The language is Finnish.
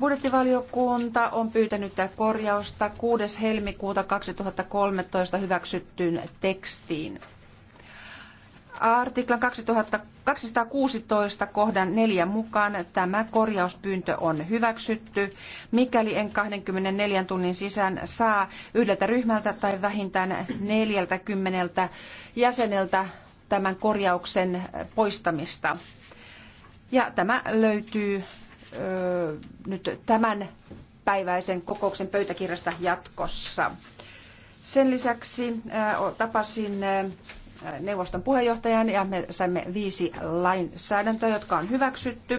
Budjettivaliokunta on pyytänyt korjausta 6. helmikuuta 2013 hyväksyttyyn tekstiin. Artiklan 216 kohdan 4 mukaan tämä korjauspyyntö on hyväksytty, mikäli en 24 tunnin sisään saa yhdeltä ryhmältä tai vähintään 40 jäseneltä tämän korjauksen poistamista. Ja tämä löytyy nyt tämän päiväisen kokouksen pöytäkirjasta jatkossa. Sen lisäksi tapasin neuvoston puheenjohtajan ja me saimme viisi lainsäädäntöä, jotka on hyväksytty.